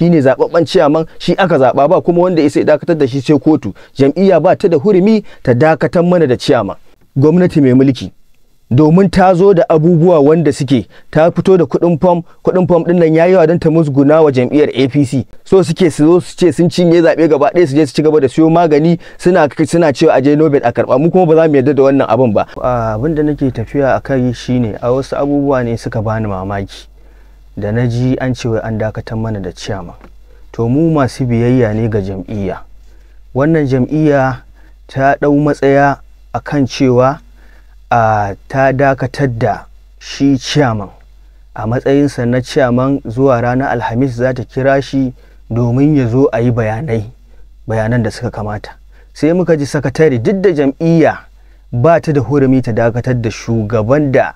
shine zababban ciyaman shi aka zaba ba kuma wanda ya dakatar da shi sai kotu jam'iyya ba ta da hurumi ta dakatar mana da ciyaman gwamnati mai mulki domin ta zo da abubuwa wanda suke ta fito da kuɗin fam kuɗin fam ɗin nan yayi don ta musguna wa jam'iyyar APC so suke su zo su ce sun cinye zaɓe gaba ɗaya su je su ci gaba da siyo magani suna suna cewa aje Nobel a karɓa mu kuma ba za mu yarda da wannan abin ba abin da nake tafiya a shine a wasu abubuwa ne suka bani mamaki da na ji an cewa an dakatar mana da ciyama to mu masu biyayya ne ga jam'iyya wannan jam'iyya ta ɗau matsaya a kan cewa ta dakatar da shi ciyaman a matsayinsa na ciyaman zuwa ranar alhamis za ta kira shi domin ya zo a yi bayanai bayanan da suka kamata sai muka ji sakatare duk da jam'iyya ba ta da hurumi ta dakatar da shugaban da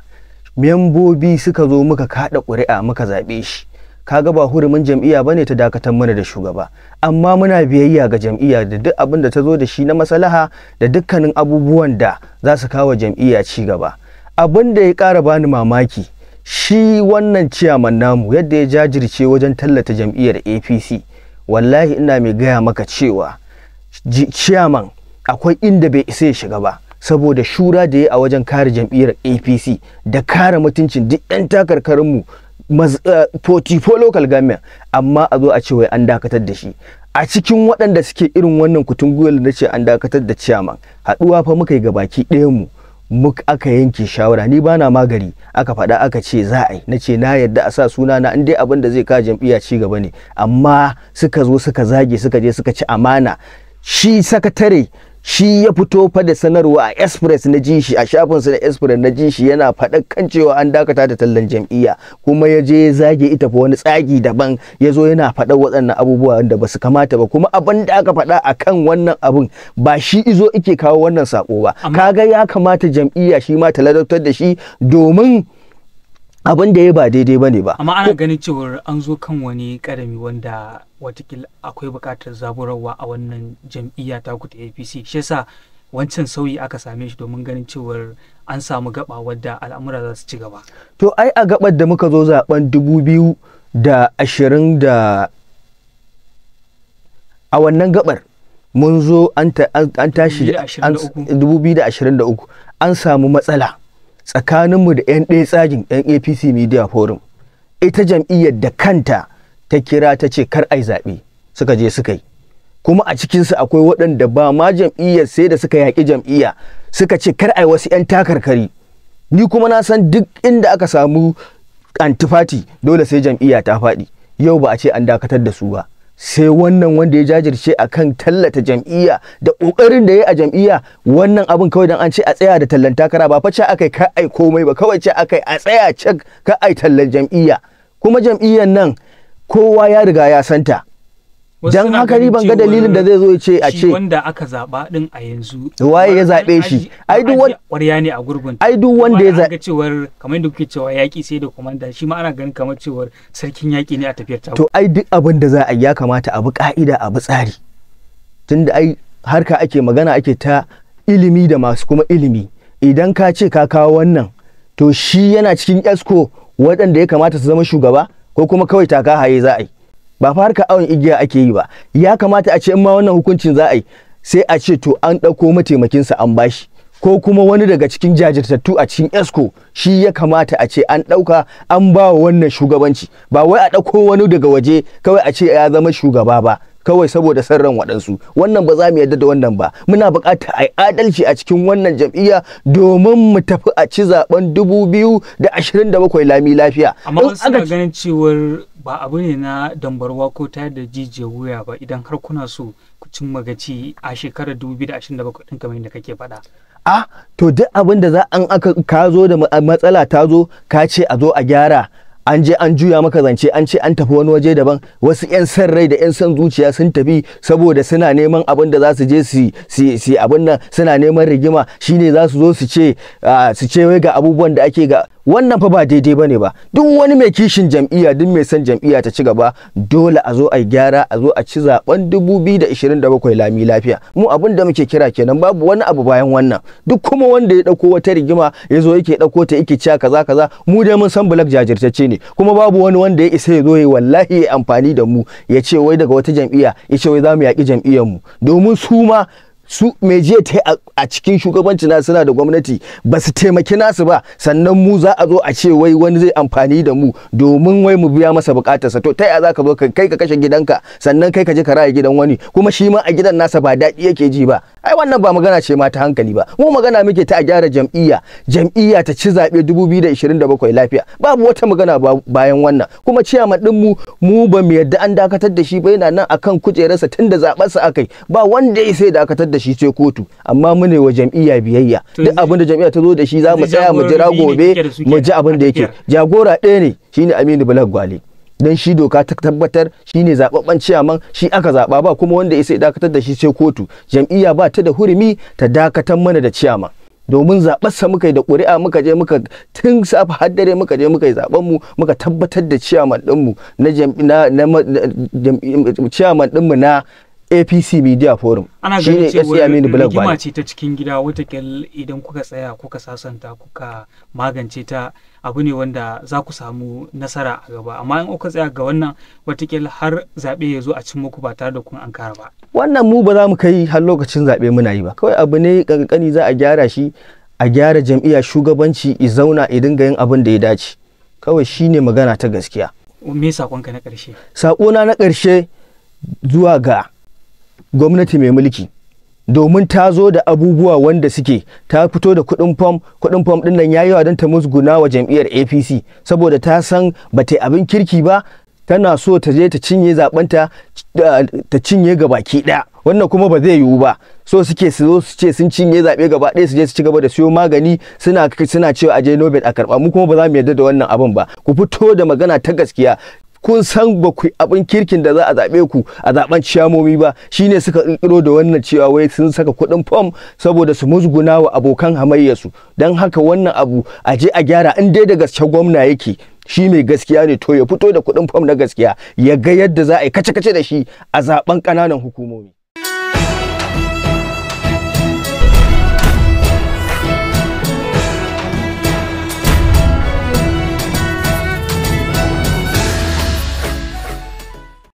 membobi suka zo muka kaɗa ƙuri'a muka zaɓe shi kaga ba hurumin jam'iyya bane ta dakatar mana da shugaba amma muna biyayya ga jam'iyya da duk abin da ta zo da shi na maslaha da dukkanin abubuwan da za su kawo jam'iyya ci gaba abin da ya ƙara bani mamaki shi wannan ciyaman namu yadda ya jajirce wajen tallata jam'iyyar APC wallahi ina mai gaya maka cewa ciyaman akwai inda bai isa ya shiga ba saboda shura da ya a wajen kare jam'iyyar apc da kare mutuncin duk 'yan takarkarinmu 44 eh, local government amma a zo a ce wai an dakatar da shi a cikin waɗanda suke irin wannan kutun gwiwar da ce an dakatar da ciyaman haɗuwa fa muka yi baki ɗayanmu mu aka yanke shawara ni bana magari aka faɗa aka ce za a yi na ce na yadda a sa suna na dai abin da zai ka jam'iyya ci gaba ne amma suka zo suka zage suka je suka ci amana shi sakatare shi ya fito fa da sanarwa a express na jishi a a shafinsa na express na jishi yana faɗa kan cewa an dakata da tallan jam'iyya kuma ya je ya zage ita fa wani tsagi daban ya zo yana faɗa waɗannan abubuwa da ba su kamata ba kuma abin da aka faɗa a kan wannan abun ba shi izo ike kawo wannan sako ba kaga ya kamata jam'iyya shi ma ta ladabtar da shi domin abin da ya ba daidai bane ba amma ana ganin cewar an zo kan wani karami wanda watakila akwai bukatar zaburarwa a wannan jam'iyya ta ku APC shi yasa wancan sauyi aka same shi domin ganin cewar an samu gaba wadda al'amura za su ci gaba to ai a gabar da muka zo zaben dubu biyu da ashirin da a wannan gabar mun zo an tashi dubu biyu da da ashirin uku an samu matsala tsakaninmu da 'yan ɗaya tsagin 'yan apc media forum ita jam'iyyar da kanta ta kira ta ce kar ai zaɓe suka je suka yi kuma a cikinsu akwai waɗanda ba ma jam'iyyar sai da suka yaƙi jam'iyya suka ce kar ai wasu 'yan takarkari ni kuma na san duk inda aka samu antifati dole sai jam'iyya ta faɗi yau ba a ce an dakatar da su ba sai wannan wanda ya jajirce a kan tallata jam'iyya da ƙoƙarin da ya yi a jam'iyya wannan abin kawai don an ce a tsaya da tallan takara ba face akai ka ai komai ba kawai ce akai a tsaya cak ka ai tallan jam'iyya kuma jam'iyyan nan kowa ya riga ya santa dan haka ni ban ga dalilin da zai zo ya ce a ce wanda aka zaba din a yanzu waye ya zabe shi ai duk wanda ƙwarya ne a gurgun ai duk wanda ya zabe cewar kamar yadda kuke cewa yaki sai da komanda shi ma ana ganin kamar cewar sarkin yaki ne a tafiyar ta to ai duk abin da za a ya kamata a bi ka'ida a bi tsari tunda ai harka ake magana ake ta ilimi da masu kuma ilimi idan ka ce ka kawo wannan to shi yana cikin esco waɗanda ya kamata su zama shugaba ko kuma kawai taka haye za a yi ba fa harka awon igiya ake yi ba ya kamata a ce in ma wannan hukuncin za a yi sai a ce to an ɗauko mataimakinsa an bashi ko kuma wani daga cikin jajirtattu a cikin esco shi ya kamata a ce an ɗauka an ba wa wannan shugabanci ba wai a ɗauko wani daga waje kawai a ce ya zama shugaba ba kawai saboda sarran waɗansu wannan ba za mu yarda da wannan ba muna buƙatar a yi adalci a cikin wannan jam'iyya domin mu tafi a ci zaben 2027 lami lafiya amma suna ganin cewar ba abu ne na dambarwa ko tayar da jijiyar wuya ba idan har kuna so ku cin magaci a shekarar 2027 ɗin kamar yadda kake faɗa. Ah, to duk abin da za an aka ka zo da matsala ta zo ka ce a zo a gyara an je an juya maka zance an ce an tafi wani waje daban wasu 'yan san rai da 'yan san zuciya sun tafi saboda suna neman abin da za su je su abin nan suna neman rigima shine za su zo su ce su ce wai ga abubuwan da ake ga wannan fa ba daidai bane ba duk wani mai kishin jam'iyya duk mai son jam'iyya ta ci gaba dole a zo a gyara a zo a ci zaben 2027 lami lafiya mu abin da muke kira kenan babu wani abu bayan wannan duk kuma wanda ya dauko wata rigima ya zo yake dauko ta yake ciya kaza kaza mu dai mun san bulak jajirtacce ne kuma babu wani wanda ya isa ya zo ya wallahi ya amfani da mu ya ce wai daga wata jam'iyya ya ce wai za mu yaki jam'iyyar mu domin su ma su meje ta a cikin shugabanci na suna da gwamnati ba su taimaki nasu ba sannan mu za a zo a ce wai wani zai amfani da mu domin wai mu biya masa bukatarsa to ta yaya za ka zo kai ka kashe gidanka sannan kai ka je ka raya gidan wani kuma shi ma a gidan nasa ba daɗi yake ji ba ai wannan ba magana ce ma ta hankali ba mu magana muke ta a gyara jam'iyya jam'iyya ta ci zaɓe 2027 lafiya babu wata magana bayan wannan kuma ciyaman din mu mu ba mu yadda an dakatar da shi ba yana nan akan kujerarsa tun tunda zaɓarsa akai ba wanda ya sai dakatar da shi sai kotu amma mu ne wa jam'iyya biyayya duk abin da jam'iyya ta zo da shi za mu tsaya mu jira gobe mu ji abin da yake jagora ɗaya ne shine Aminu Bulag Gwale dan shi doka ta tabbatar shi ne zababben ciyaman shi aka zaba ba kuma wanda ya sai dakatar da shi sai kotu jam'iyya ba ta da hurumi ta dakatar mana da ciyaman domin zaɓarsa muka yi da ƙuri'a muka je muka tun safa haddare muka je muka yi zaɓenmu muka tabbatar da ciyaman ɗinmu na ciyaman ɗinmu na apc media forum ana ganin cewa rigima ce ta cikin gida wata watakil idan kuka tsaya kuka sasanta kuka magance ta abu ne wanda za ku samu nasara a gaba amma in kuka tsaya ga wannan wata watakil har zaɓe ya zo a cikin muku ba tare da kun an ba wannan mu ba za mu kai har lokacin zabe muna yi ba kawai abu ne kankani za a gyara shi a gyara jam'iyya shugabanci i zauna i dinga yin abin da ya dace kawai shine magana ta gaskiya me sakonka na ƙarshe sakona na ƙarshe zuwa ga gwamnati mai mulki domin ta zo da abubuwa wanda suke ta fito da kuɗin fom kuɗin fom ɗin nan yayi don ta musguna wa jam'iyyar APC saboda ta san ba ta abin kirki ba tana so ta je ta cinye zabanta ta cinye gaba ɗaya wannan kuma ba zai yiwu ba so suke su zo su ce sun cinye zaɓe gaba ɗaya su je su ci gaba da siyo magani suna suna cewa aje Nobel a karɓa mu kuma ba za mu yarda da wannan abin ba ku fito da magana ta gaskiya kun san ba ku abin kirkin da za a zaɓe ku a zaɓen ciyamomi ba shi ne suka kirkiro da wannan cewa wai sun saka kuɗin fom saboda su musguna wa abokan hamayyarsu don haka wannan abu a je a gyara in dai da gaske gwamna yake shi mai gaskiya ne to ya fito da kuɗin fom na gaskiya ya ga yadda za a kace-kace da shi a zaɓen ƙananan hukumomi